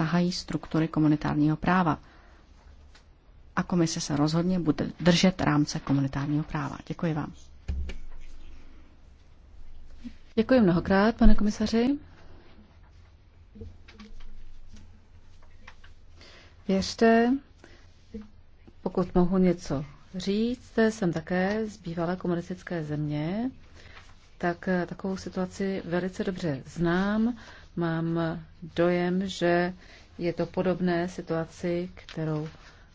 sahají struktury komunitárního práva. A komise se rozhodně bude držet rámce komunitárního práva. Děkuji vám. Děkuji mnohokrát, pane komisaři. Věřte, pokud mohu něco říct, jsem také z bývalé komunistické země, tak takovou situaci velice dobře znám. Mám dojem, že je to podobné situaci, kterou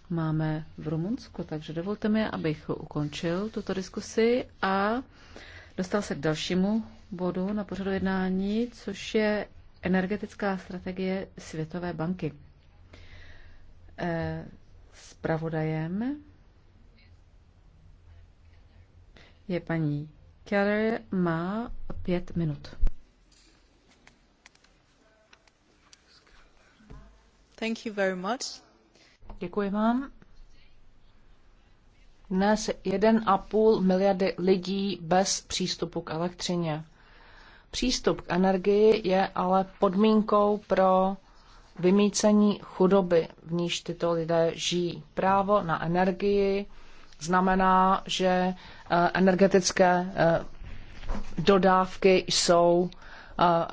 máme v Rumunsku. Takže dovolte mi, abych ukončil tuto diskusi a dostal se k dalšímu bodu na pořadu jednání, což je energetická strategie Světové banky. Spravodajem eh, je paní Keller, má pět minut. Děkuji vám. Dnes 1,5 miliardy lidí bez přístupu k elektřině. Přístup k energii je ale podmínkou pro vymícení chudoby, v níž tyto lidé žijí. Právo na energii znamená, že eh, energetické eh, dodávky jsou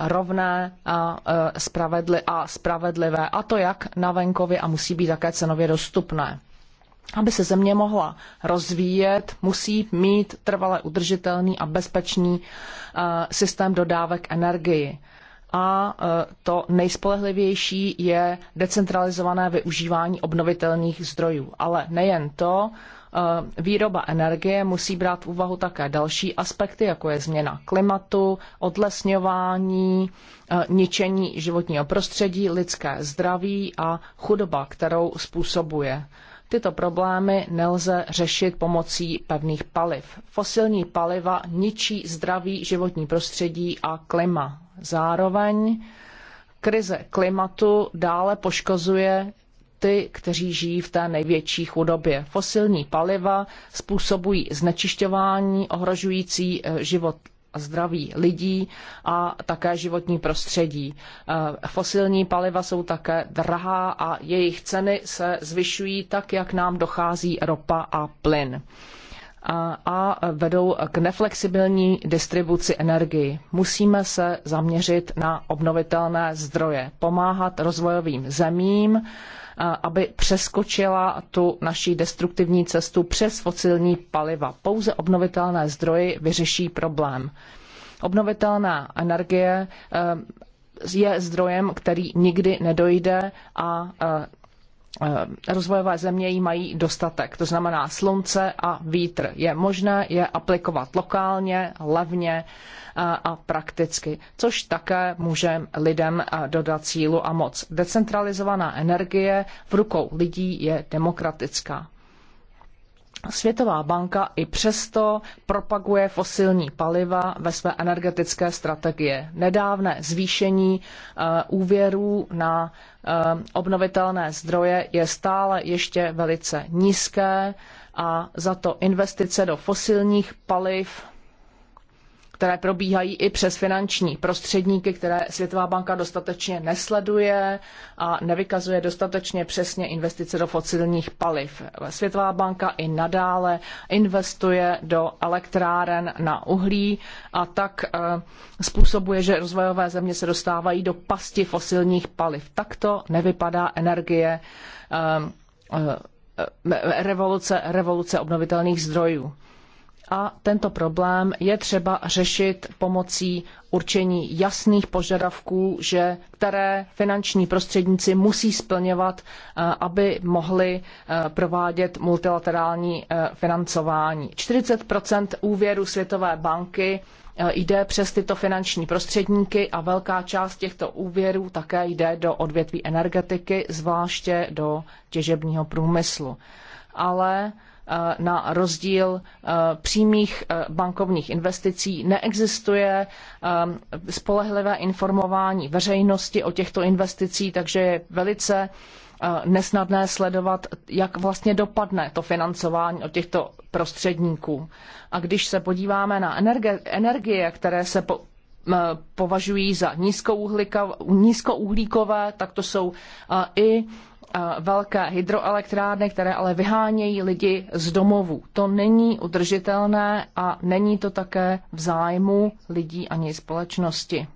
rovné a, e, spravedli, a spravedlivé. A to jak na venkově a musí být také cenově dostupné. Aby se země mohla rozvíjet, musí mít trvale udržitelný a bezpečný e, systém dodávek energii a e, to nejspolehlivější je decentralizované využívání obnovitelných zdrojů. Ale nejen to, Eh, výroba energie musí brát v úvahu také další aspekty, jako je změna klimatu, odlesňování, eh, ničení životního prostředí, lidské zdraví a chudoba, kterou způsobuje. Tyto problémy nelze řešit pomocí pevných paliv. Fosilní paliva ničí zdraví, životní prostředí a klima. Zároveň krize klimatu dále poškozuje ty, kteří žijí v té největší chudobě. Fosilní paliva způsobují znečišťování ohrožující eh, život a zdraví lidí a také životní prostředí. Eh, fosilní paliva jsou také drahá a jejich ceny se zvyšují tak, jak nám dochází ropa a plyn a vedou k neflexibilní distribuci energii. Musíme se zaměřit na obnovitelné zdroje, pomáhat rozvojovým zemím, aby přeskočila tu naší destruktivní cestu přes fosilní paliva. Pouze obnovitelné zdroje vyřeší problém. Obnovitelná energie e, je zdrojem, který nikdy nedojde a e, Eh, rozvojové země jí mají dostatek. To znamená slunce a vítr. Je možné je aplikovat lokálně, levně eh, a prakticky, což také může lidem eh, dodat sílu a moc. Decentralizovaná energie v rukou lidí je demokratická. Světová banka i přesto propaguje fosilní paliva ve své energetické strategie. Nedávné zvýšení eh, úvěrů na eh, obnovitelné zdroje je stále ještě velice nízké a za to investice do fosilních paliv které probíhají i přes finanční prostředníky, které Světová banka dostatečně nesleduje a nevykazuje dostatečně přesně investice do fosilních paliv. Světová banka i nadále investuje do elektráren na uhlí a tak eh, způsobuje, že rozvojové země se dostávají do pasti fosilních paliv. Takto nevypadá energie eh, eh, revoluce, revoluce obnovitelných zdrojů a tento problém je třeba řešit pomocí určení jasných požadavků, že které finanční prostředníci musí splňovat, eh, aby mohli eh, provádět multilaterální eh, financování. 40 úvěru Světové banky jde přes tyto finanční prostředníky a velká část těchto úvěrů také jde do odvětví energetiky, zvláště do těžebního průmyslu. Ale Eh, na rozdíl eh, přímých eh, bankovních investicí neexistuje spolehlivé informování veřejnosti o těchto investicích, takže je velice nesnadné sledovat, jak vlastně dopadne to financování od těchto prostředníků. A když se podíváme na energie, které se po, považují za nízkouhlíkové, tak to jsou i velké hydroelektrárny, které ale vyhánějí lidi z domovů. To není udržitelné a není to také v zájmu lidí ani společnosti.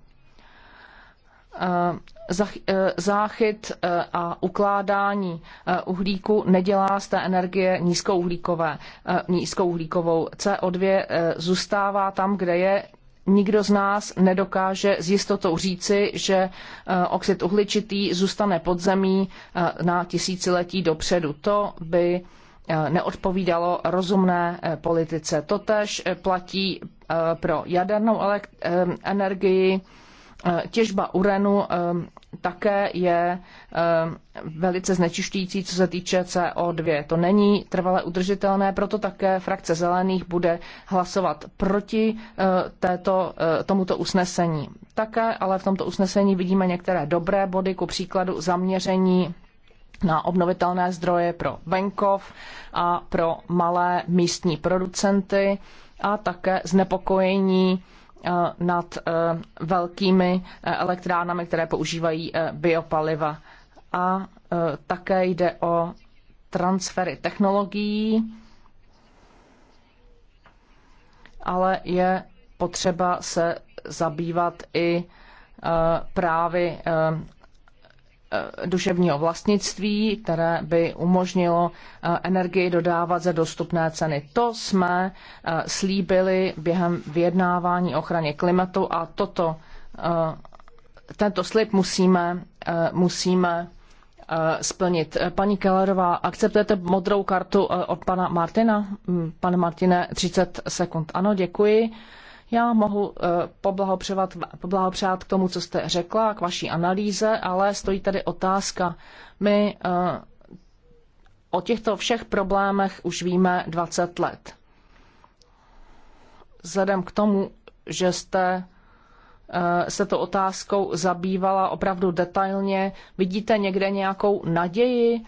E, záchyt e, a ukládání e, uhlíku nedělá z té energie nízkouhlíkové, nízkouhlíkovou. CO2 zůstává tam, kde je nikdo z nás nedokáže s jistotou říci, že e, oxid uhličitý zůstane pod zemí e, na tisíciletí dopředu. To by e, neodpovídalo rozumné politice. Totež platí pro jadernou energii, Eh, těžba uranu eh, také je eh, velice znečišťující, co se týče CO2. To není trvale udržitelné, proto také frakce zelených bude hlasovat proti této, tomuto usnesení. Také ale v tomto usnesení vidíme některé dobré body, ku příkladu zaměření na obnovitelné zdroje pro venkov a pro malé místní producenty a také znepokojení Eh, nad eh, velkými eh, elektrárnami, které používají biopaliva. A také jde o transfery technologií, ale je potřeba se zabývat i právy Eh, duševního vlastnictví, které by umožnilo eh, energii dodávat za dostupné ceny. To jsme eh, slíbili během vyjednávání ochraně klimatu a toto, tento slib musíme, musíme splnit. Paní Kellerová, akceptujete modrou kartu od pana Martina? Hm, pane Martine, 30 sekund. Ano, děkuji. Já mohu eh, poblahopřát, poblahopřát k tomu, co jste řekla, k vaší analýze, ale stojí tady otázka. My eh, o těchto všech problémech už víme 20 let. Vzhledem k tomu, že jste eh, se to otázkou zabývala opravdu detailně, vidíte někde nějakou naději,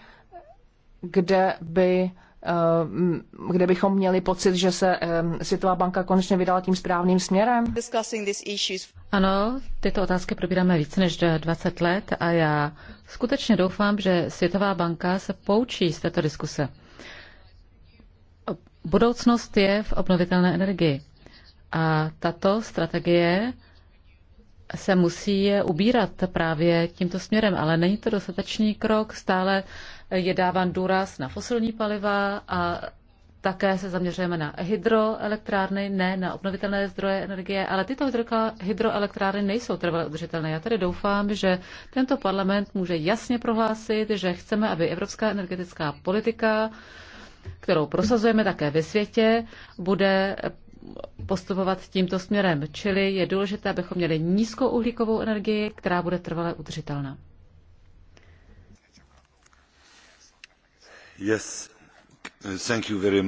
kde by Eh, kde bychom měli pocit, že se eh, Světová banka konečně vydala tím správným směrem? Ano, tyto otázky probíráme více než 20 let a já skutečně doufám, že Světová banka se poučí z této diskuse. Budoucnost je v obnovitelné energii a tato strategie se musí ubírat právě tímto směrem, ale není to dostatečný krok, stále je dáván důraz na fosilní paliva a také se zaměřujeme na hydroelektrárny, ne na obnovitelné zdroje energie, ale tyto hydroelektrárny nejsou trvale udržitelné. Já tady doufám, že tento parlament může jasně prohlásit, že chceme, aby evropská energetická politika, kterou prosazujeme také ve světě, bude postupovat tímto směrem. Čili je důležité, abychom měli nízkou uhlíkovou energii, která bude trvale udržitelná.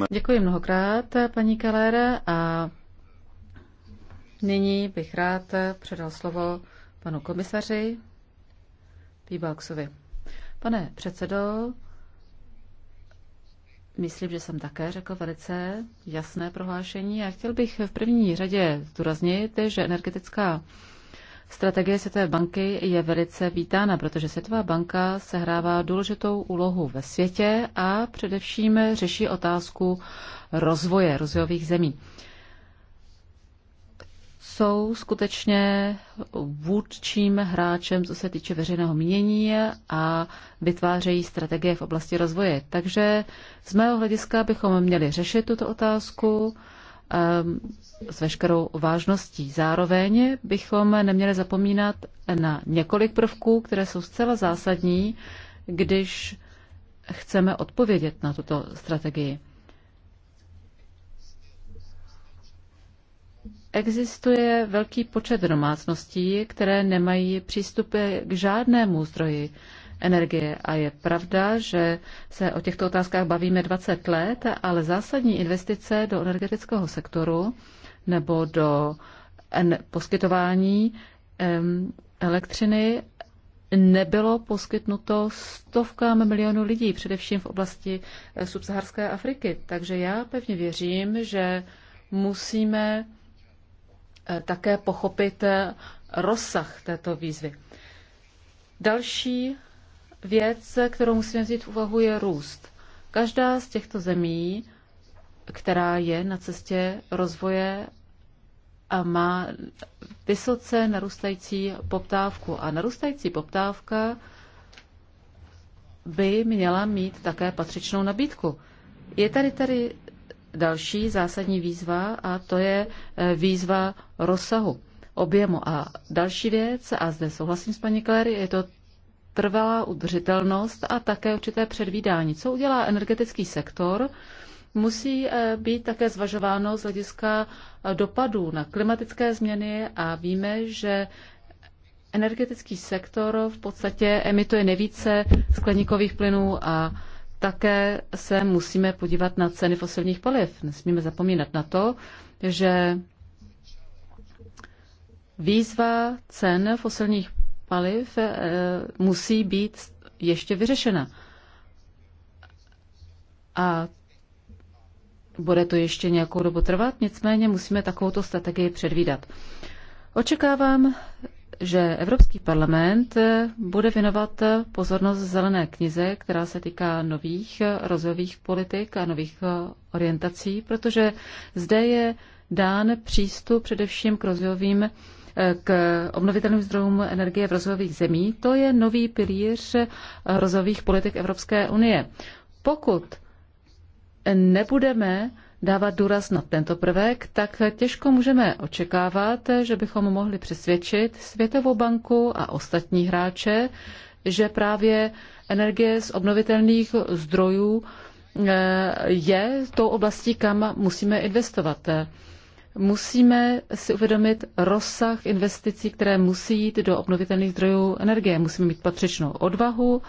Děkuji mnohokrát, paní Keller. A nyní bych rád předal slovo panu komisaři Píbalksovi. Pane předsedo, myslím, že jsem také řekl velice jasné prohlášení a chtěl bych v první řadě zdůraznit, že energetická Strategie Světové banky je velice vítána, protože Světová banka sehrává důležitou úlohu ve světě a především řeší otázku rozvoje rozvojových zemí. Jsou skutečně vůdčím hráčem, co se týče veřejného mínění a vytvářejí strategie v oblasti rozvoje. Takže z mého hlediska bychom měli řešit tuto otázku Ehm, s veškerou vážností. Zároveň bychom neměli zapomínat na několik prvků, které jsou zcela zásadní, když chceme odpovědět na tuto strategii. Existuje velký počet domácností, které nemají přístupy k žádnému zdroji energie. A je pravda, že se o těchto otázkách bavíme 20 let, ale zásadní investice do energetického sektoru nebo do poskytování elektřiny nebylo poskytnuto stovkám milionů lidí, především v oblasti eh, subsaharské Afriky. Takže já pevně věřím, že musíme eh, také pochopit eh, rozsah této výzvy. Další věc, kterou musíme vzít v úvahu, je růst. Každá z těchto zemí, která je na cestě rozvoje a má vysoce narůstající poptávku. A narůstající poptávka by měla mít také patřičnou nabídku. Je tady tady další zásadní výzva a to je eh, výzva rozsahu, objemu. A další věc, a zde souhlasím s paní Claire, je to trvalá udržitelnost a také určité předvídání. Co udělá energetický sektor? Musí eh, být také zvažováno z hlediska eh, dopadů na klimatické změny a víme, že energetický sektor v podstatě emituje nejvíce skleníkových plynů a také se musíme podívat na ceny fosilních paliv. Nesmíme zapomínat na to, že výzva cen fosilních paliv eh, musí být ještě vyřešena. A bude to ještě nějakou dobu trvat, nicméně musíme takovouto strategii předvídat. Očekávám, že Evropský parlament bude věnovat pozornost zelené knize, která se týká nových rozvojových politik a nových orientací, protože zde je dán přístup především k rozvojovým k obnovitelným zdrojům energie v rozvojových zemí, to je nový pilíř rozvojových politik Evropské unie. Pokud nebudeme dávat důraz na tento prvek, tak těžko můžeme očekávat, že bychom mohli přesvědčit Světovou banku a ostatní hráče, že právě energie z obnovitelných zdrojů eh, je tou oblastí, kam musíme investovat musíme si uvědomit rozsah investicí, které musí jít do obnovitelných zdrojů energie. Musíme mít patřičnou odvahu.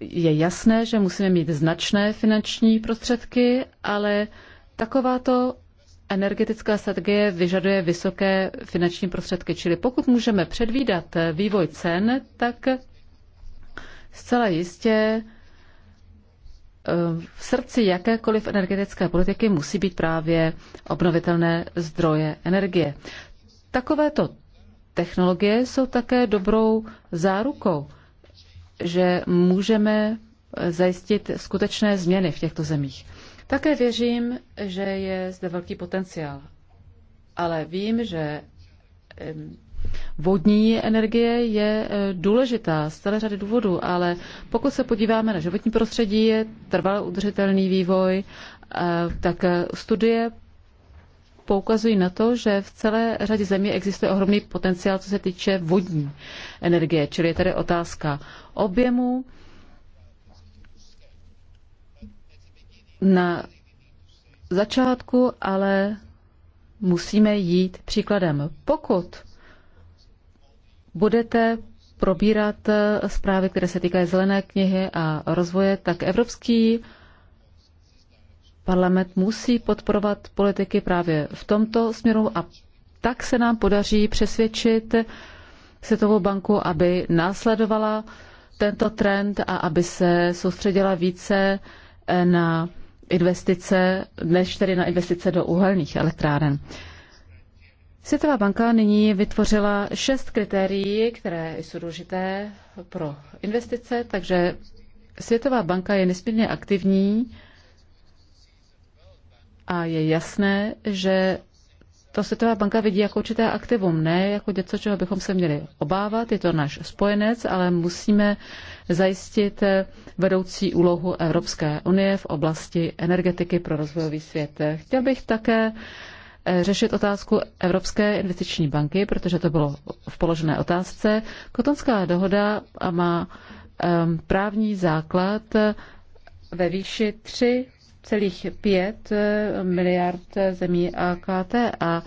Je jasné, že musíme mít značné finanční prostředky, ale takováto energetická strategie vyžaduje vysoké finanční prostředky. Čili pokud můžeme předvídat vývoj cen, tak zcela jistě v srdci jakékoliv energetické politiky musí být právě obnovitelné zdroje energie. Takovéto technologie jsou také dobrou zárukou, že můžeme zajistit skutečné změny v těchto zemích. Také věřím, že je zde velký potenciál, ale vím, že vodní energie je eh, důležitá z celé řady důvodů, ale pokud se podíváme na životní prostředí, je trvalý udržitelný vývoj, eh, tak eh, studie poukazují na to, že v celé řadě zemí existuje ohromný potenciál, co se týče vodní energie, čili je tady otázka objemu. Na začátku ale musíme jít příkladem. Pokud budete probírat eh, zprávy, které se týkají zelené knihy a rozvoje, tak Evropský parlament musí podporovat politiky právě v tomto směru a tak se nám podaří přesvědčit Světovou banku, aby následovala tento trend a aby se soustředila více eh, na investice, než tedy na investice do uhelných elektráren. Světová banka nyní vytvořila šest kritérií, které jsou důležité pro investice, takže Světová banka je nesmírně aktivní a je jasné, že to Světová banka vidí jako určité aktivum, ne jako něco, čeho bychom se měli obávat. Je to náš spojenec, ale musíme zajistit vedoucí úlohu Evropské unie v oblasti energetiky pro rozvojový svět. Chtěl bych také Eh, řešit otázku Evropské investiční banky, protože to bylo v položené otázce. Kotonská dohoda má právní základ eh, ve výši 3,5 eh, miliard zemí AKT a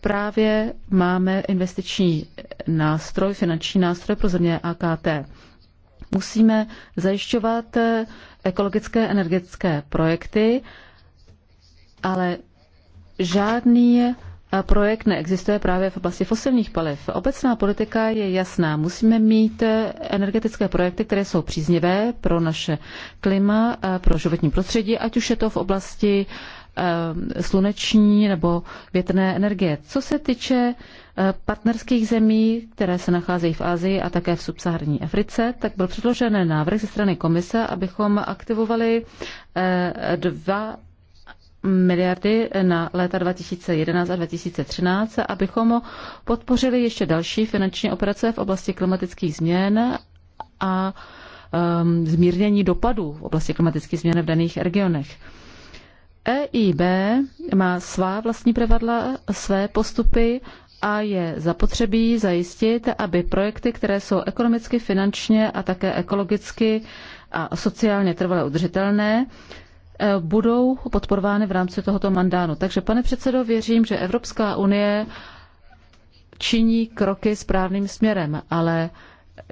právě máme investiční nástroj, finanční nástroj pro země AKT. Musíme zajišťovat ekologické energetické projekty, ale žádný eh, projekt neexistuje právě v oblasti fosilních paliv. Obecná politika je jasná. Musíme mít eh, energetické projekty, které jsou příznivé pro naše klima, eh, pro životní prostředí, ať už je to v oblasti sluneční nebo větrné energie. Co se týče partnerských zemí, které se nacházejí v Asii a také v subsaharní Africe, tak byl předložen návrh ze strany komise, abychom aktivovali dva miliardy na léta 2011 a 2013, abychom podpořili ještě další finanční operace v oblasti klimatických změn a um, zmírnění dopadů v oblasti klimatických změn v daných regionech. EIB má svá vlastní pravidla, své postupy a je zapotřebí zajistit, aby projekty, které jsou ekonomicky, finančně a také ekologicky a sociálně trvale udržitelné, Eh, budou podporovány v rámci tohoto mandánu. Takže, pane předsedo, věřím, že Evropská unie činí kroky správným směrem, ale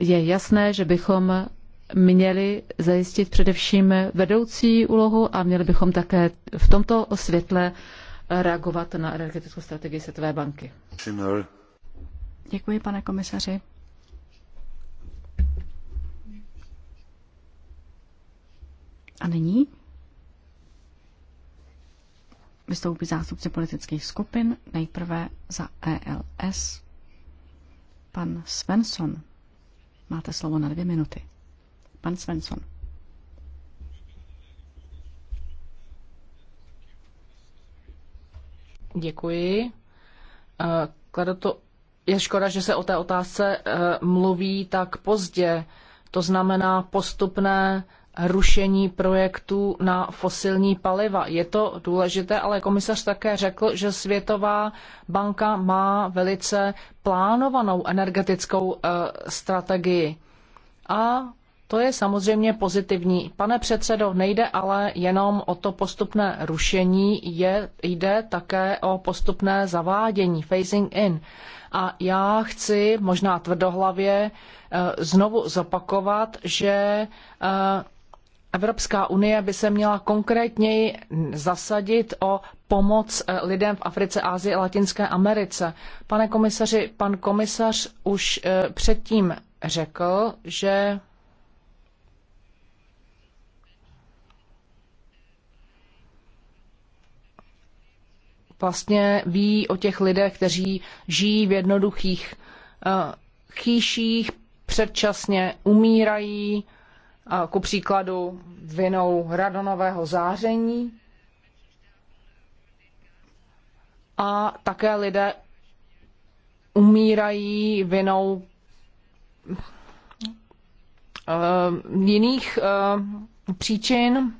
je jasné, že bychom měli zajistit především vedoucí úlohu a měli bychom také v tomto světle reagovat na energetickou strategii Světové banky. Děkuji, pane komisaři. A nyní Vystoupí zástupci politických skupin, nejprve za ELS. Pan Svensson. Máte slovo na dvě minuty. Pan Svensson. Děkuji. Eh, kladu to, je škoda, že se o té otázce eh, mluví tak pozdě. To znamená postupné rušení projektů na fosilní paliva. Je to důležité, ale komisař také řekl, že Světová banka má velice plánovanou energetickou eh, strategii. A to je samozřejmě pozitivní. Pane předsedo, nejde ale jenom o to postupné rušení, je, jde také o postupné zavádění, phasing in. A já chci možná tvrdohlavě eh, znovu zopakovat, že eh, Evropská unie by se měla konkrétněji zasadit o pomoc eh, lidem v Africe, Asii a Latinské Americe. Pane komisaři, pan komisař už eh, předtím řekl, že vlastně ví o těch lidech, kteří žijí v jednoduchých uh, chýších, předčasně umírají, ku příkladu vinou radonového záření. A také lidé umírají vinou uh, jiných uh, příčin.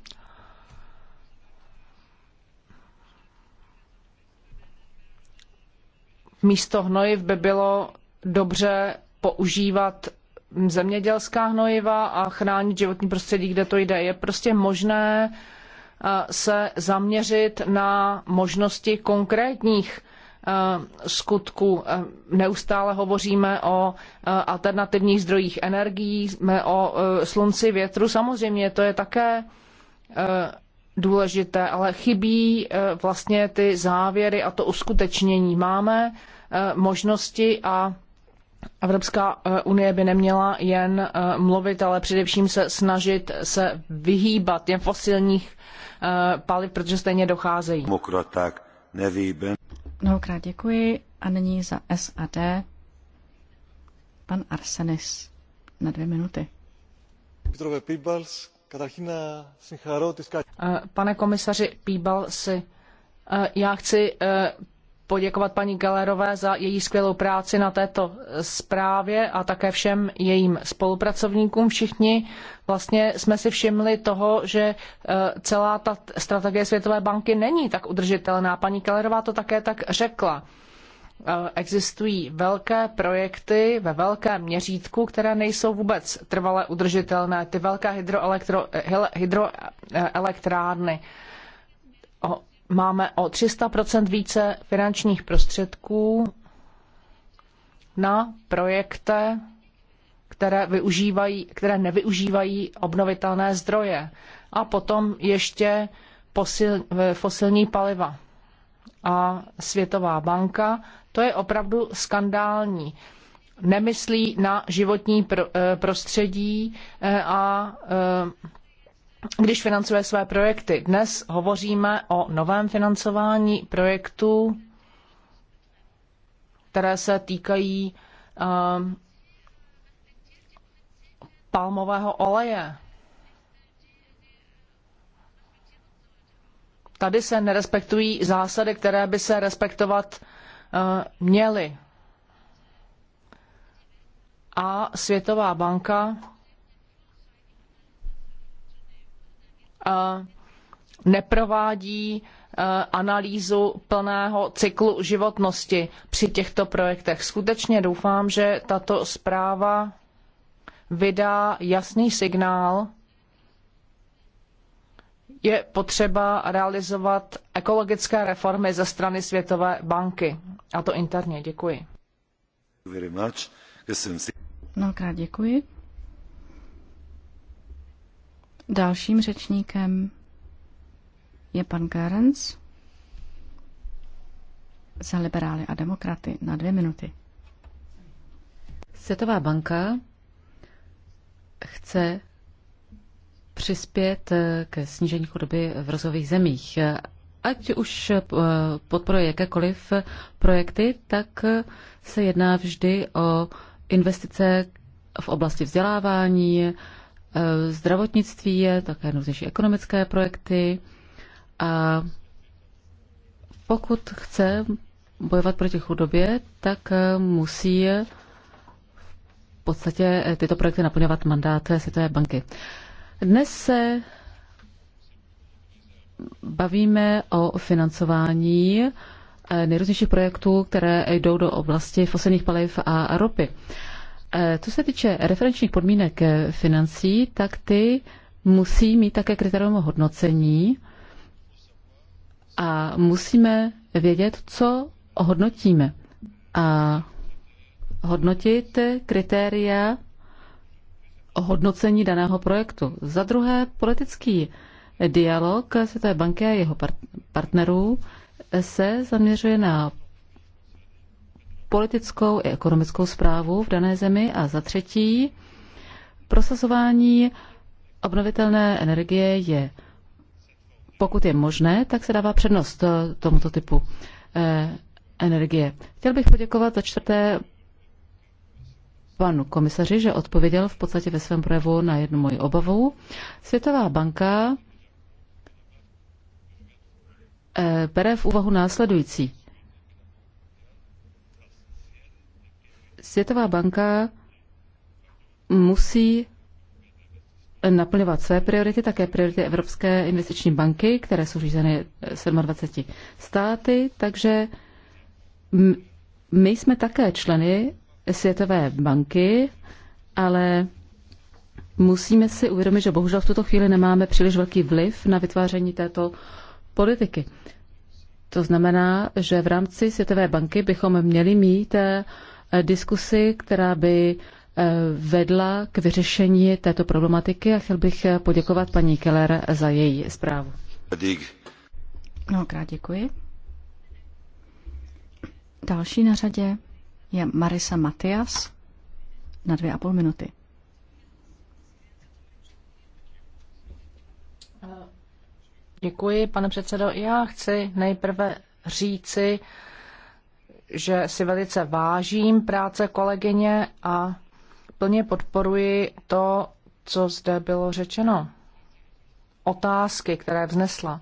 Místo hnojiv by bylo dobře používat zemědělská hnojiva a chránit životní prostředí, kde to jde. Je prostě možné eh, se zaměřit na možnosti konkrétních eh, skutku. Eh, neustále hovoříme o alternativních zdrojích energií, o slunci, větru. Samozřejmě to je také důležité, ale chybí vlastně ty závěry a to uskutečnění. Máme možnosti a Evropská eh, unie by neměla jen eh, mluvit, ale především se snažit se vyhýbat těm fosilních eh, paliv, protože stejně docházejí. Mokroták nevýben. Mnohokrát děkuji a nyní za SAD pan Arsenis na dvě minuty. Pane komisaři Píbal, si já chci poděkovat paní Galerové za její skvělou práci na této zprávě a také všem jejím spolupracovníkům. Všichni vlastně jsme si všimli toho, že e, celá ta strategie Světové banky není tak udržitelná. Paní Galerová to také tak řekla. E, existují velké projekty ve velkém měřítku, které nejsou vůbec trvale udržitelné. Ty velké hydroelektrárny máme o 300% více finančních prostředků na projekty, které, využívají, které nevyužívají obnovitelné zdroje. A potom ještě posil, eh, fosilní paliva. A Světová banka, to je opravdu skandální. Nemyslí na životní eh, prostředí eh, a když financuje své projekty. Dnes hovoříme o novém financování projektů, které se týkají um, palmového oleje. Tady se nerespektují zásady, které by se respektovat uh, měly. A Světová banka neprovádí e, analýzu plného cyklu životnosti při těchto projektech. Skutečně doufám, že tato zpráva vydá jasný signál, je potřeba realizovat ekologické reformy ze strany Světové banky. A to interně. Děkuji. Mnohokrát děkuji. Dalším řečníkem je pan Garens za liberály a demokraty na dvě minuty. Světová banka chce přispět ke snížení chudoby v rozvojových zemích. Ať už eh, podporuje jakékoliv projekty, tak se jedná vždy o investice v oblasti vzdělávání, Eh, zdravotnictví je také různější ekonomické projekty a pokud chce bojovat proti chudobě, tak eh, musí v podstatě eh, tyto projekty naplňovat mandát Světové banky. Dnes se bavíme o financování nejrůznějších projektů, které jdou do oblasti fosilních paliv a ropy. Eh, co se týče referenčních podmínek eh, financí, tak ty musí mít také kritérium hodnocení a musíme vědět, co hodnotíme. A hodnotit kritéria hodnocení daného projektu. Za druhé, politický dialog Světové banky a jeho partnerů se zaměřuje na politickou i ekonomickou zprávu v dané zemi a za třetí prosazování obnovitelné energie je, pokud je možné, tak se dává přednost eh, tomuto typu eh, energie. Chtěl bych poděkovat za čtvrté panu komisaři, že odpověděl v podstatě ve svém projevu na jednu moji obavu. Světová banka eh, bere v úvahu následující. Světová banka musí naplňovat své priority, také priority Evropské investiční banky, které jsou řízeny 27 státy, takže my jsme také členy Světové banky, ale musíme si uvědomit, že bohužel v tuto chvíli nemáme příliš velký vliv na vytváření této politiky. To znamená, že v rámci Světové banky bychom měli mít eh, Eh, diskusi, která by eh, vedla k vyřešení této problematiky a chtěl bych eh, poděkovat paní Keller za její zprávu. Mnohokrát děkuji. Další na řadě je Marisa Matias na dvě a půl minuty. Děkuji, pane předsedo. Já chci nejprve říci, že si velice vážím práce kolegyně a plně podporuji to, co zde bylo řečeno. Otázky, které vznesla.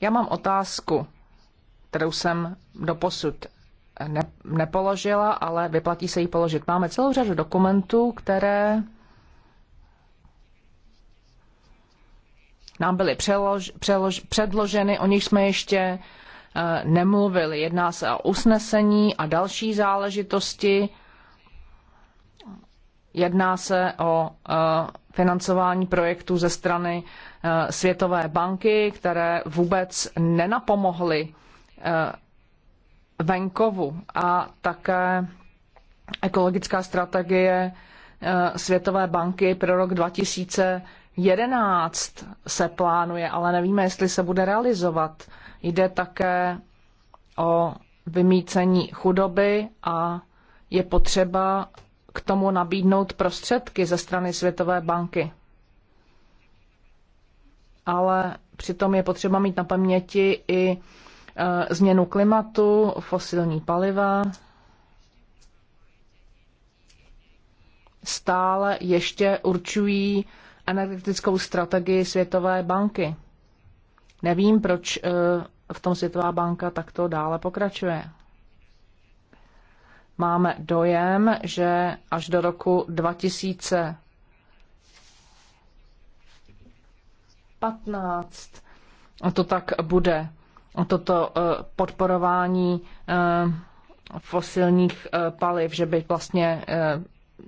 Já mám otázku, kterou jsem doposud ne, nepoložila, ale vyplatí se jí položit. Máme celou řadu dokumentů, které nám byly přelož, přelož, předloženy, o nich jsme ještě Eh, nemluvili. Jedná se o usnesení a další záležitosti. Jedná se o eh, financování projektů ze strany eh, Světové banky, které vůbec nenapomohly venkovu a také ekologická strategie Světové banky pro rok 2011 se plánuje, ale nevíme, jestli se bude realizovat. Jde také o vymícení chudoby a je potřeba k tomu nabídnout prostředky ze strany Světové banky. Ale přitom je potřeba mít na paměti i e, změnu klimatu, fosilní paliva, stále ještě určují energetickou strategii Světové banky. Nevím, proč e, v tom Světová banka takto dále pokračuje. Máme dojem, že až do roku 2015 to tak bude. Toto eh, podporování eh, fosilních eh, paliv, že by vlastně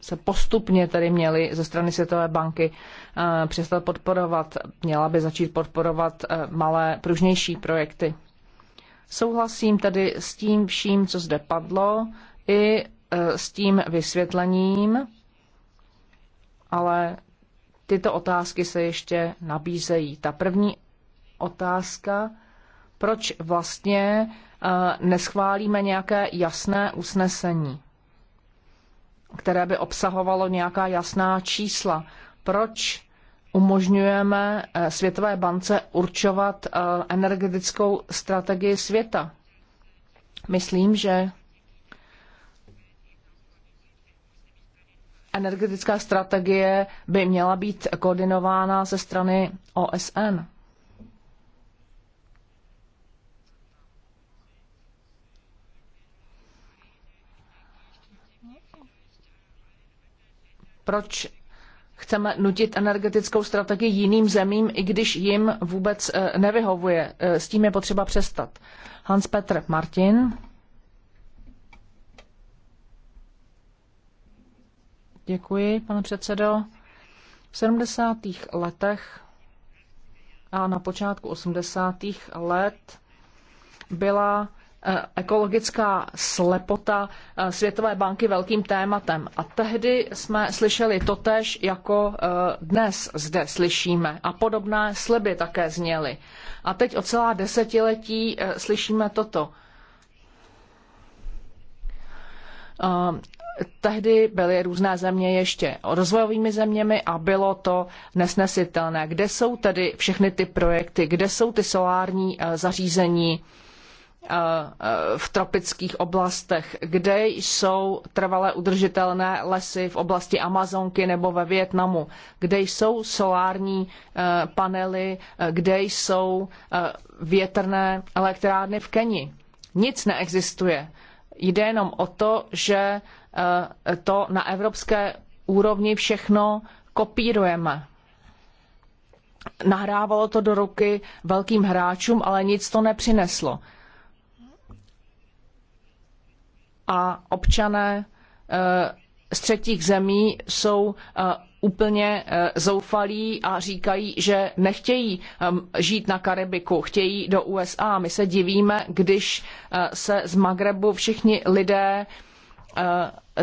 se postupně tedy měly ze strany Světové banky eh, přestat podporovat, měla by začít podporovat eh, malé, pružnější projekty. Souhlasím tedy s tím vším, co zde padlo, i eh, s tím vysvětlením, ale tyto otázky se ještě nabízejí. Ta první otázka, proč vlastně neschválíme nějaké jasné usnesení? které by obsahovalo nějaká jasná čísla. Proč umožňujeme eh, Světové bance určovat eh, energetickou strategii světa? Myslím, že energetická strategie by měla být koordinována ze strany OSN. Proč chceme nutit energetickou strategii jiným zemím, i když jim vůbec eh, nevyhovuje. Eh, s tím je potřeba přestat. Hans-Petr Martin. Děkuji, pane předsedo. V 70. letech a na počátku 80. let byla Eh, ekologická slepota eh, Světové banky velkým tématem. A tehdy jsme slyšeli totež, jako eh, dnes zde slyšíme. A podobné sliby také zněly. A teď o celá desetiletí slyšíme toto. Tehdy byly různé země ještě rozvojovými zeměmi a bylo to nesnesitelné. Kde jsou tedy všechny ty projekty, kde jsou ty solární zařízení, Eh, v tropických oblastech, kde jsou trvale udržitelné lesy v oblasti Amazonky nebo ve Vietnamu, kde jsou solární eh, panely, eh, kde jsou větrné elektrárny v Keni. Nic neexistuje. Jde jenom o to, že to na evropské úrovni všechno kopírujeme nahrávalo to do ruky velkým hráčům, ale nic to nepřineslo. a občané eh, z třetích zemí jsou eh, úplně eh, zoufalí a říkají, že nechtějí ehm, žít na Karibiku, chtějí do USA. My se divíme, když se z Magrebu všichni lidé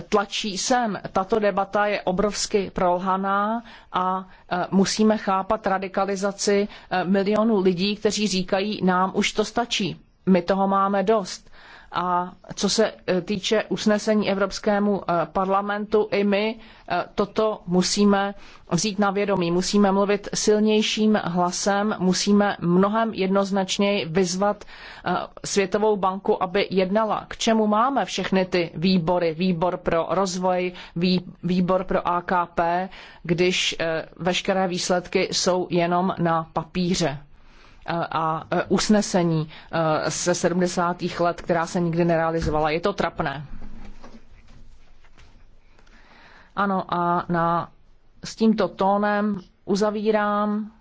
tlačí sem. Tato debata je obrovsky prolhaná a musíme chápat radikalizaci milionů lidí, kteří říkají, nám už to stačí, my toho máme dost. A co se e, týče usnesení Evropskému e, parlamentu, i my e, toto musíme vzít na vědomí. Musíme mluvit silnějším hlasem, musíme mnohem jednoznačněji vyzvat Světovou banku, aby jednala. K čemu máme všechny ty výbory? Výbor pro rozvoj, výbor pro AKP, když veškeré výsledky jsou jenom na papíře a e, usnesení e, ze 70. let, která se nikdy nerealizovala. Je to trapné. Ano a na, s tímto tónem uzavírám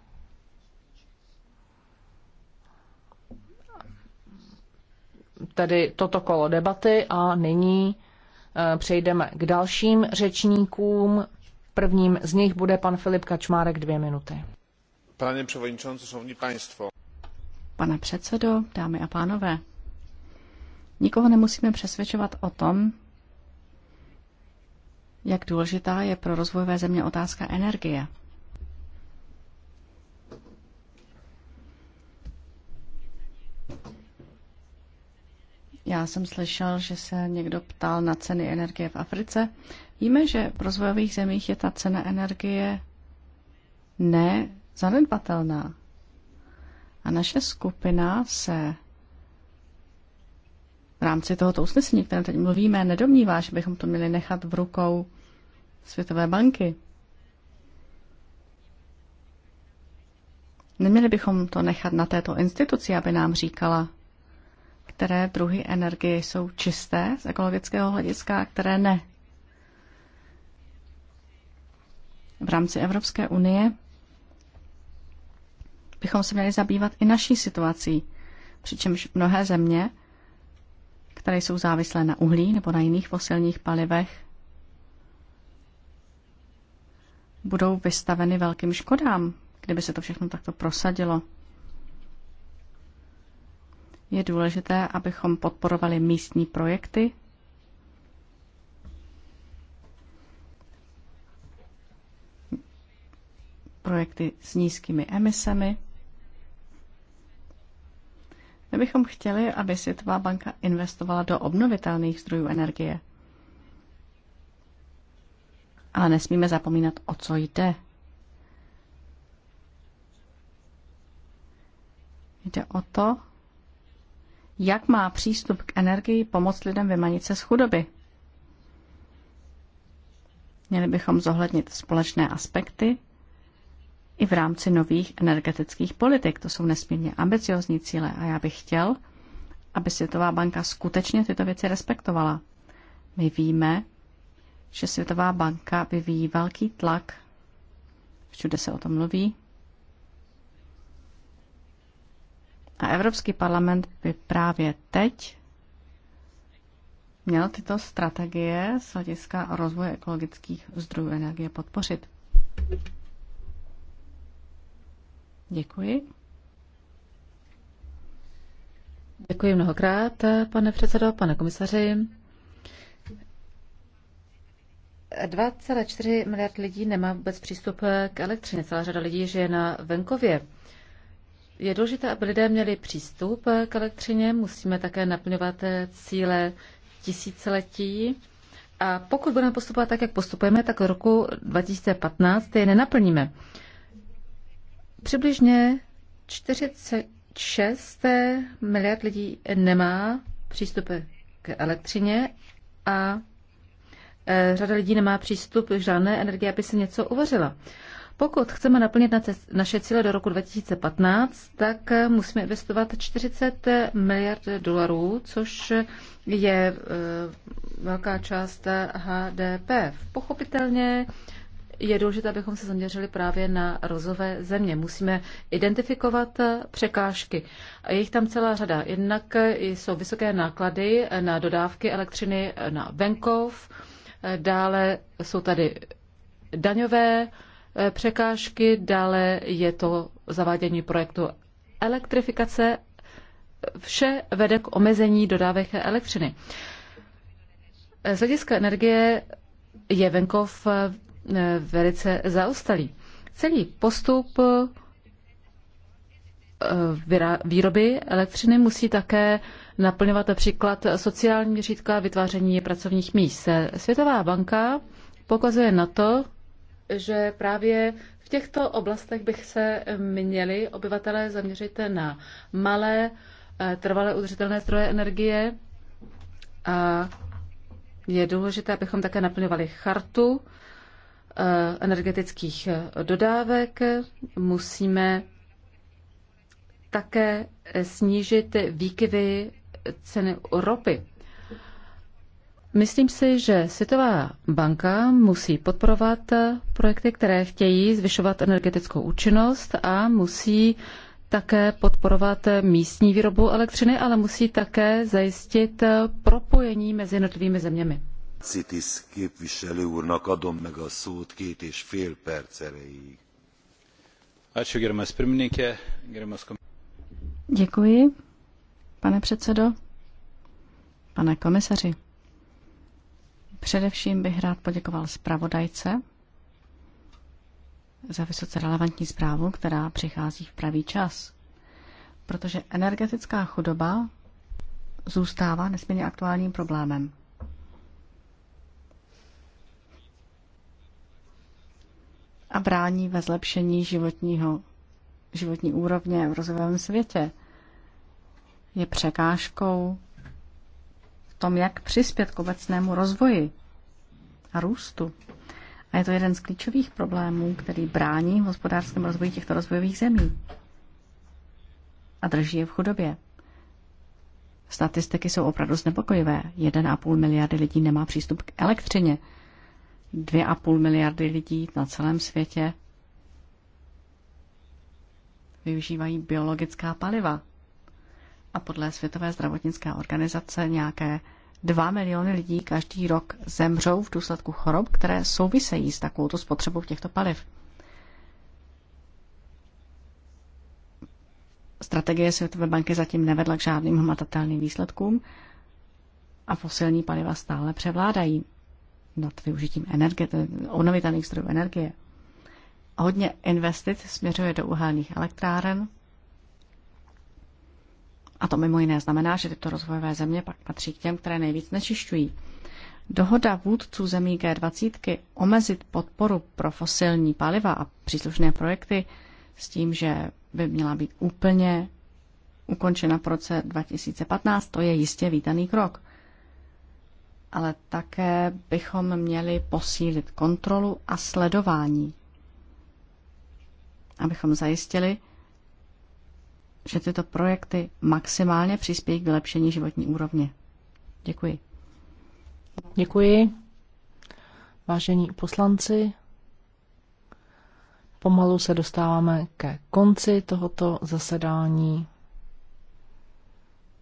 tedy toto kolo debaty a nyní e, přejdeme k dalším řečníkům. Prvním z nich bude pan Filip Kačmárek dvě minuty. Pane předsedající, šovní państwo. Pane předsedo, dámy a pánové, nikoho nemusíme přesvědčovat o tom, jak důležitá je pro rozvojové země otázka energie. Já jsem slyšel, že se někdo ptal na ceny energie v Africe. Víme, že v rozvojových zemích je ta cena energie ne zanedbatelná. A naše skupina se v rámci tohoto usnesení, které teď mluvíme, nedomnívá, že bychom to měli nechat v rukou Světové banky. Neměli bychom to nechat na této instituci, aby nám říkala, které druhy energie jsou čisté z ekologického hlediska a které ne. V rámci Evropské unie bychom se měli zabývat i naší situací. Přičemž mnohé země, které jsou závislé na uhlí nebo na jiných fosilních palivech, budou vystaveny velkým škodám, kdyby se to všechno takto prosadilo. Je důležité, abychom podporovali místní projekty, projekty s nízkými emisemi, my bychom chtěli, aby Světová banka investovala do obnovitelných zdrojů energie. Ale nesmíme zapomínat, o co jde. Jde o to, jak má přístup k energii pomoct lidem vymanit se z chudoby. Měli bychom zohlednit společné aspekty i v rámci nových energetických politik. To jsou nesmírně ambiciozní cíle a já bych chtěl, aby Světová banka skutečně tyto věci respektovala. My víme, že Světová banka vyvíjí velký tlak, všude se o tom mluví, a Evropský parlament by právě teď měl tyto strategie z hlediska rozvoje ekologických zdrojů energie podpořit. Děkuji. Děkuji mnohokrát, pane předsedo, pane komisaři. 2,4 miliard lidí nemá vůbec přístup k elektřině. Celá řada lidí žije na venkově. Je důležité, aby lidé měli přístup k elektřině. Musíme také naplňovat cíle tisíciletí. A pokud budeme postupovat tak, jak postupujeme, tak roku 2015 je nenaplníme. Přibližně 46 miliard lidí nemá přístup k elektřině a e, řada lidí nemá přístup k žádné energii, aby se něco uvařila. Pokud chceme naplnit naše cíle do roku 2015, tak e, musíme investovat 40 miliard dolarů, což je e, velká část HDP. Pochopitelně je důležité, abychom se zaměřili právě na rozové země. Musíme identifikovat eh, překážky. Je jich tam celá řada. Jednak eh, jsou vysoké náklady eh, na dodávky elektřiny na venkov, dále jsou tady daňové překážky, dále je to zavádění projektu elektrifikace. Vše vede k omezení dodávek elektřiny. Z hlediska energie je venkov Eh, velice zaostalý. Celý postup eh, výroby elektřiny musí také naplňovat například sociální měřítka vytváření pracovních míst. Světová banka pokazuje na to, že právě v těchto oblastech bych se měli obyvatelé zaměřit na malé, eh, trvalé udržitelné zdroje energie a je důležité, abychom také naplňovali chartu Eh, energetických eh, dodávek. Musíme také snížit výkyvy ceny ropy. Myslím si, že Světová banka musí podporovat projekty, které chtějí zvyšovat energetickou účinnost a musí také podporovat místní výrobu elektřiny, ale musí také zajistit propojení mezi jednotlivými zeměmi. Citis képviselő úrnak adom meg a szót két és fél perc erejéig. Děkuji, pane předsedo, pane komisaři. Především bych rád poděkoval zpravodajce za vysoce relevantní zprávu, která přichází v pravý čas. Protože energetická chudoba zůstává nesmírně aktuálním problémem. a brání ve zlepšení životního, životní úrovně v rozvojovém světě. Je překážkou v tom, jak přispět k obecnému rozvoji a růstu. A je to jeden z klíčových problémů, který brání v hospodářském rozvoji těchto rozvojových zemí a drží je v chudobě. Statistiky jsou opravdu znepokojivé. 1,5 miliardy lidí nemá přístup k elektřině a půl miliardy lidí na celém světě využívají biologická paliva. A podle Světové zdravotnické organizace nějaké 2 miliony lidí každý rok zemřou v důsledku chorob, které souvisejí s takovouto spotřebou těchto paliv. Strategie Světové banky zatím nevedla k žádným hmatatelným výsledkům a fosilní paliva stále převládají nad využitím energie, obnovitelných zdrojů energie. Hodně investic směřuje do uhelných elektráren. A to mimo jiné znamená, že tyto rozvojové země pak patří k těm, které nejvíc nečišťují. Dohoda vůdců zemí G20 omezit podporu pro fosilní paliva a příslušné projekty s tím, že by měla být úplně ukončena v roce 2015, to je jistě vítaný krok ale také bychom měli posílit kontrolu a sledování, abychom zajistili, že tyto projekty maximálně přispějí k vylepšení životní úrovně. Děkuji. Děkuji. Vážení poslanci, pomalu se dostáváme ke konci tohoto zasedání.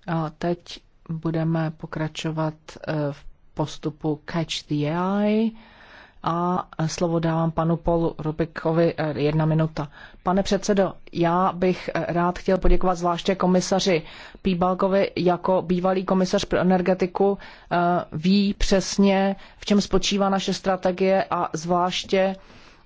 A teď budeme pokračovat eh, v postupu Catch the Eye a slovo dávám panu Polu Rubikovi eh, jedna minuta. Pane předsedo, já bych eh, rád chtěl poděkovat zvláště komisaři Píbalkovi jako bývalý komisař pro energetiku eh, ví přesně, v čem spočívá naše strategie a zvláště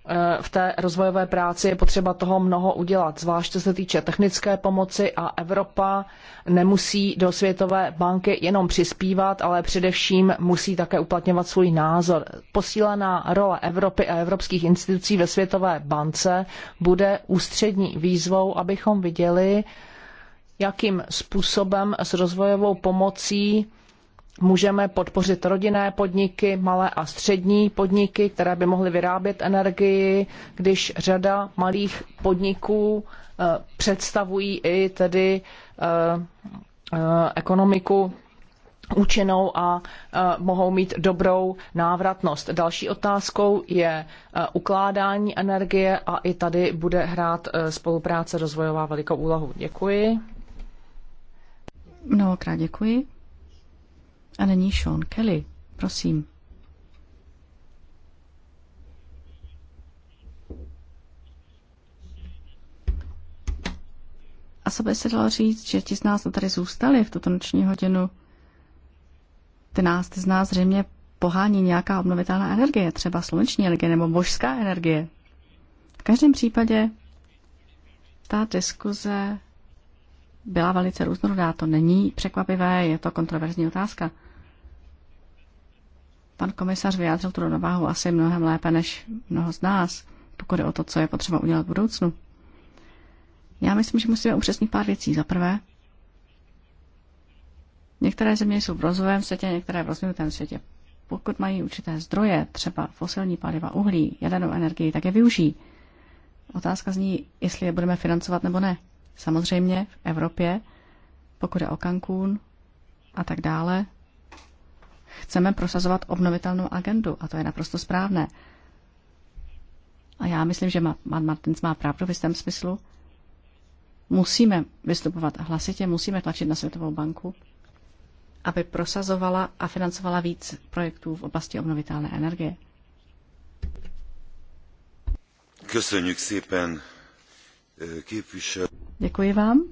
Eh, v té rozvojové práci je potřeba toho mnoho udělat, zvlášť co se týče technické pomoci a Evropa nemusí do Světové banky jenom přispívat, ale především musí také uplatňovat svůj názor. Posílená role Evropy a evropských institucí ve Světové bance bude ústřední výzvou, abychom viděli, jakým způsobem s rozvojovou pomocí Můžeme podpořit rodinné podniky, malé a střední podniky, které by mohly vyrábět energii, když řada malých podniků eh, představují i tedy eh, eh, ekonomiku účinnou a mohou mít dobrou návratnost. Další otázkou je ukládání energie a i tady bude hrát spolupráce rozvojová velikou úlohu. Děkuji. Mnohokrát děkuji. A není Sean Kelly. Prosím. A sebe se dalo říct, že ti z nás, tady zůstali v tuto noční hodinu, ty nás, ty z nás zřejmě pohání nějaká obnovitelná energie, třeba sluneční energie nebo božská energie. V každém případě ta diskuze byla velice různorodá. To není překvapivé, je to kontroverzní otázka. Pan komisař vyjádřil tu rovnováhu asi mnohem lépe než mnoho z nás, pokud je o to, co je potřeba udělat v budoucnu. Já myslím, že musíme upřesnit pár věcí. Za prvé, některé země jsou v rozvojovém světě, některé v rozvinutém světě. Pokud mají určité zdroje, třeba fosilní paliva, uhlí, jadernou energii, tak je využijí. Otázka zní, jestli je budeme financovat nebo ne. Samozřejmě v Evropě, pokud je o Cancún a tak dále, Chceme prosazovat obnovitelnou agendu a to je naprosto správné. A já myslím, že Mad Martins má pravdu v jistém smyslu. Musíme vystupovat hlasitě, musíme tlačit na Světovou banku, aby prosazovala a financovala víc projektů v oblasti obnovitelné energie. Děkuji vám.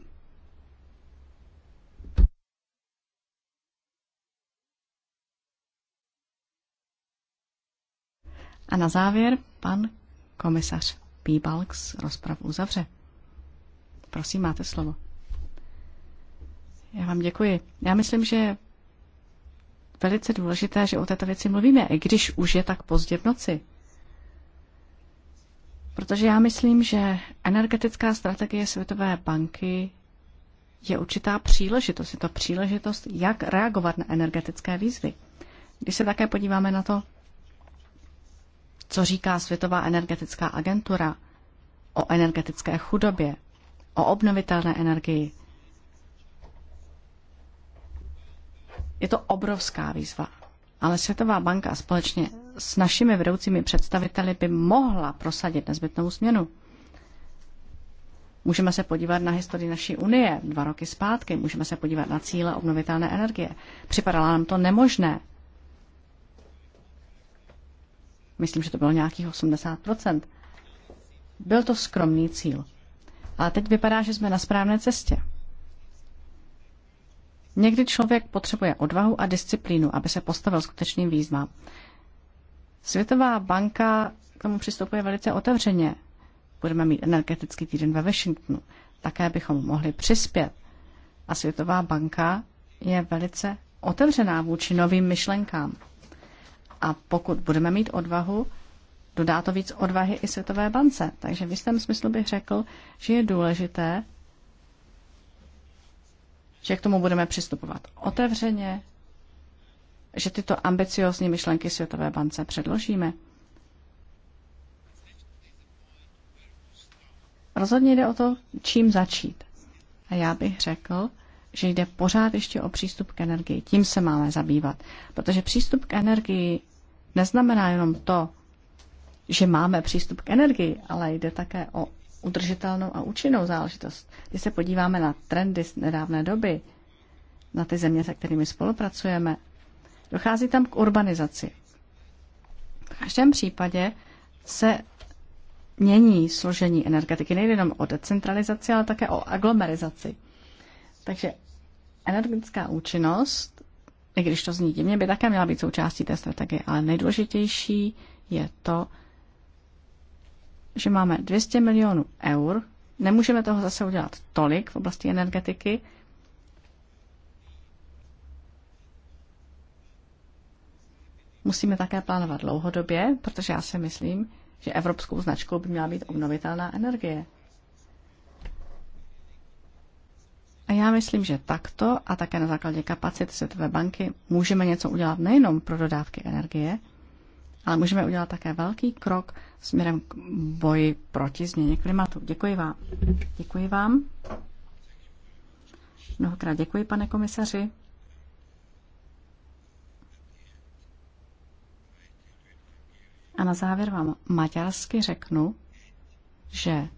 A na závěr pan komisař Píbalks rozpravu uzavře. Prosím, máte slovo. Já vám děkuji. Já myslím, že je velice důležité, že o této věci mluvíme, i když už je tak pozdě v noci. Protože já myslím, že energetická strategie Světové banky je určitá příležitost. Je to příležitost, jak reagovat na energetické výzvy. Když se také podíváme na to, co říká Světová energetická agentura o energetické chudobě, o obnovitelné energii. Je to obrovská výzva, ale Světová banka společně s našimi vedoucími představiteli by mohla prosadit nezbytnou změnu. Můžeme se podívat na historii naší unie dva roky zpátky, můžeme se podívat na cíle obnovitelné energie. Připadalo nám to nemožné, Myslím, že to bylo nějakých 80 Byl to skromný cíl. Ale teď vypadá, že jsme na správné cestě. Někdy člověk potřebuje odvahu a disciplínu, aby se postavil skutečným výzvám. Světová banka k tomu přistupuje velice otevřeně. Budeme mít energetický týden ve Washingtonu. Také bychom mohli přispět. A Světová banka je velice otevřená vůči novým myšlenkám. A pokud budeme mít odvahu, dodá to víc odvahy i Světové bance. Takže v jistém smyslu bych řekl, že je důležité, že k tomu budeme přistupovat otevřeně, že tyto ambiciozní myšlenky Světové bance předložíme. Rozhodně jde o to, čím začít. A já bych řekl, že jde pořád ještě o přístup k energii. Tím se máme zabývat. Protože přístup k energii neznamená jenom to, že máme přístup k energii, ale jde také o udržitelnou a účinnou záležitost. Když se podíváme na trendy z nedávné doby, na ty země, se kterými spolupracujeme, dochází tam k urbanizaci. V každém případě se mění složení energetiky. Nejde jenom o decentralizaci, ale také o aglomerizaci. Takže energetická účinnost i když to zní divně, by také měla být součástí té strategie. Ale nejdůležitější je to, že máme 200 milionů eur, nemůžeme toho zase udělat tolik v oblasti energetiky, Musíme také plánovat dlouhodobě, protože já si myslím, že evropskou značkou by měla být obnovitelná energie. A já myslím, že takto a také na základě kapacit Světové banky můžeme něco udělat nejenom pro dodávky energie, ale můžeme udělat také velký krok směrem k boji proti změně klimatu. Děkuji vám. Děkuji vám. Mnohokrát děkuji, pane komisaři. A na závěr vám maďarsky řeknu, že